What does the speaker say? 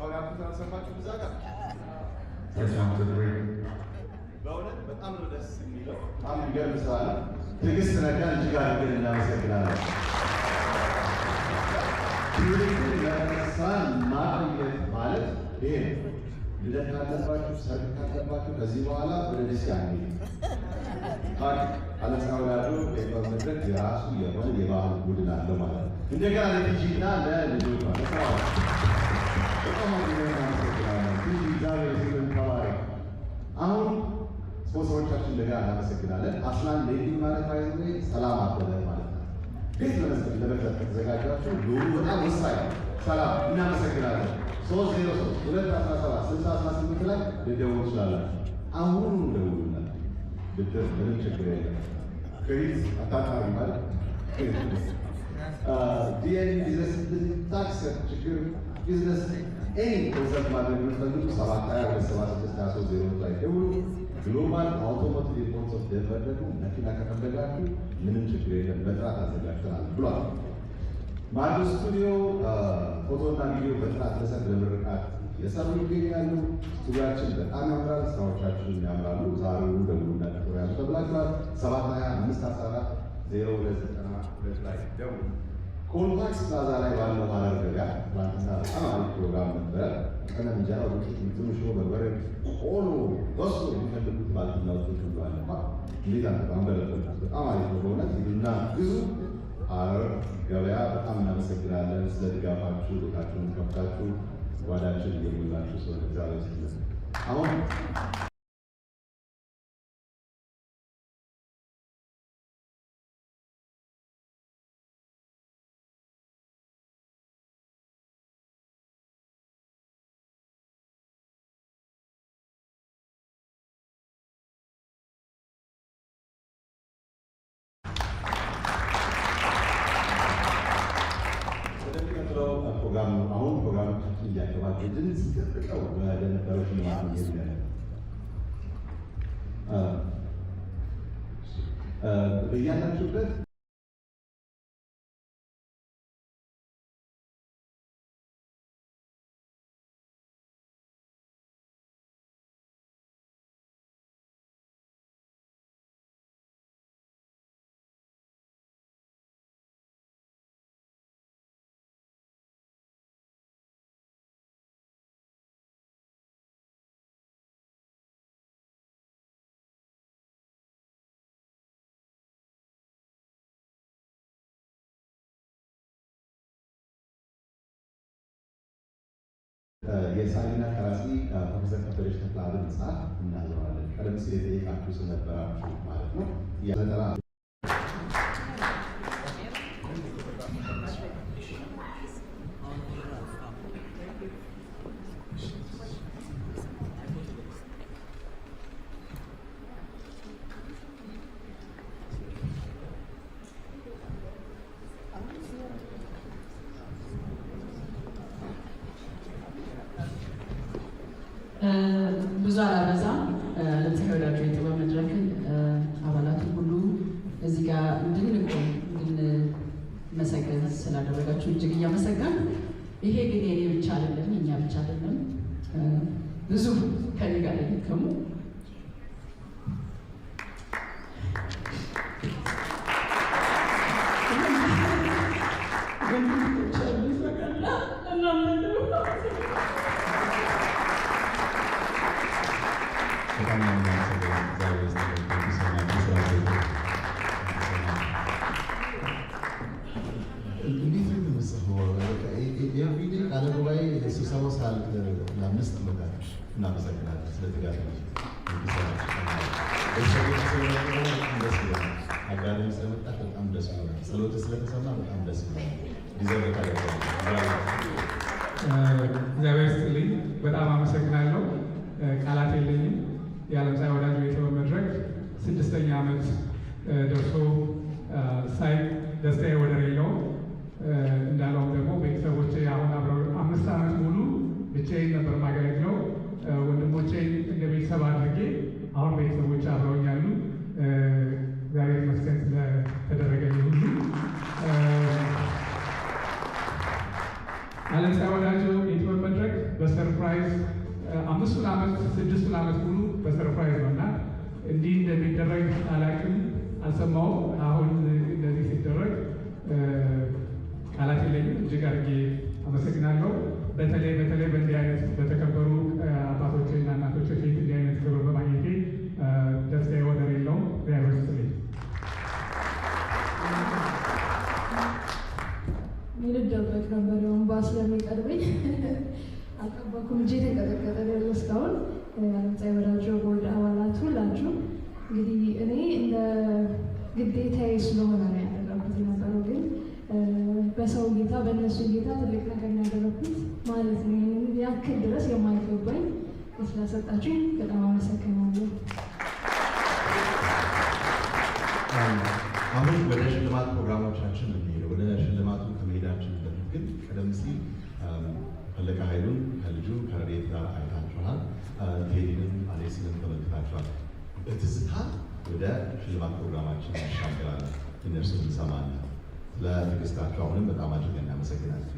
እስካሁን አልሰማችሁ ብዛ በእውነት በጣም ነው ደስ የሚለው። በጣም የሚገርም ትዕግስት ነካን እጅግ አድርገን እናመሰግናለን። ትውልድን ለቅርሳን ማለት ይሄ ልደት ካለባችሁ፣ ሰርግ ካለባችሁ ከዚህ በኋላ ወደ ደስ ያሚ መድረክ የራሱ የሆነ የባህል ቡድን አለው ማለት ነው። እንደገና ለቲጂና ለልጆ አሁን ስፖንሰሮቻችን ለጋ እናመሰግናለን። አስላም ሌዲንግ ማለት ባይዘ ሰላም አበበ ማለት ነው። ቤት ለመስጠት ለመክፈት ከተዘጋጃችሁ ልዑሉ በጣም ወሳኝ ሰላም እናመሰግናለን። ሶስት ዜሮ ሶስት ሁለት አስራ ሰባት ስልሳ አስራ ስምንት ላይ ልደውሉ ይችላላችሁ። አሁኑ ደውሉና ብድር ምንም ችግር የለም። ክሪዝ አታጣሪ ማለት ዲኤን ቢዝነስ ታክስ ችግር ቢዝነስ ኤኒ ኮንሰርት ማድረግ የምትፈልጉ ሰባት ሀያ ግሎባል አውቶሞቲቭ ሪፖርት ኦፍ ደቨሎፕ መኪና ከፈለጋችሁ ምንም ችግር የለም በጥራት አዘጋጅተናል ብሏል። ማዱ ስቱዲዮ ፎቶና ቪዲዮ በጥራት ለሰብ ለምርቃት የሰሩ ይገኛሉ። ስቱዲያችን በጣም ያምራል፣ ስራዎቻችን ያምራሉ። ዛሬውን ደውሉና ቱሪያሉ ተብላችኋል። ሰባት ሀያ አምስት አስራ አራት ዜሮ ሁለት ዘጠና ሁለት ላይ ደውሉ። ኮንታክስ ፕላዛ ላይ ባለው ሀረር ማረገጋ በአዲስ አበባ ማለት ፕሮግራም ነበረ። ቀለም እንጀራ ዱቄት፣ ምጥን፣ ሽሮ፣ ቆሎ በሶ የሚፈልጉት ባልትናዎችን ሁሉ እንዴት አነባን በለበት በጣም አሪፍ በሆነ እና ብዙ ሀረር ገበያ በጣም እናመሰግናለን ስለ ድጋፋችሁ። ቤታችሁን ከፍታችሁ ጓዳችን እየሞላችሁ ሰው እግዚአብሔር ይመስገን። አሁን ይህንን ሲጠብቀው ለነበሩት እያላችሁበት የሳሪና ከራሲ ፕሮፌሰር ከበደች ተክለአብ መጽሐፍ እናዘዋለን። ቀደም ሲል የጠየቃችሁ ስለነበራችሁ ማለት ነው። አጋጣሚ ስለመጣ በጣም ደስ ይላል። ጸሎት ስለተሰማ በጣም ደስ ይላል። እግዚአብሔር ይስጥልኝ። በጣም አመሰግናለሁ። ቃላት የለኝም። የዓለም ፀሐይ ወዳጆ ቤተ መድረክ ስድስተኛ ዓመት ደርሶ ግን አልሰማው አሁን እንደዚህ ሲደረግ ቃላት የለኝም። እጅግ አድርጌ አመሰግናለሁ። በተለይ በተለይ በእንዲህ አይነት በተከበሩ አባቶችና እናቶች ፊት እንዲህ አይነት ክብር በማግኘቴ ደስታ ወደር የለውም። ሪያቨርስ ልኝ ሚልደበት ነበር ወንባ ስለሚቀርበኝ አቀባኩም እጄ ተንቀጠቀጠ ያለ እስካሁን ጸይ ወዳጆ ቦርድ አባላት ሁላችሁ እንግዲህ እኔ እንደ ግዴታዬ ስለሆነ ነው ያደረኩት የነበረው፣ ግን በሰው ጌታ በእነሱ ጌታ ትልቅ ነገር ያደረኩት ማለት ነው። ያክል ድረስ የማይገባኝ ስላሰጣችሁኝ በጣም አመሰግናለሁ። አሁን ወደ ሽልማት ፕሮግራሞቻችን እንሄደው። ወደ ሽልማቱ ከመሄዳችን በፊት ግን ቀደም ሲል ፈለቀ ኃይሉን ከልጁ ከሬት ጋር አይታችኋል። ቴዲንም አሌስንም ተመልክታችኋል። በትዝታ ወደ ሽልማት ፕሮግራማችን ያሻገራል። እነርሱን እንሰማለን። ለትዕግስታቸው አሁንም በጣም አድርገን እናመሰግናለን።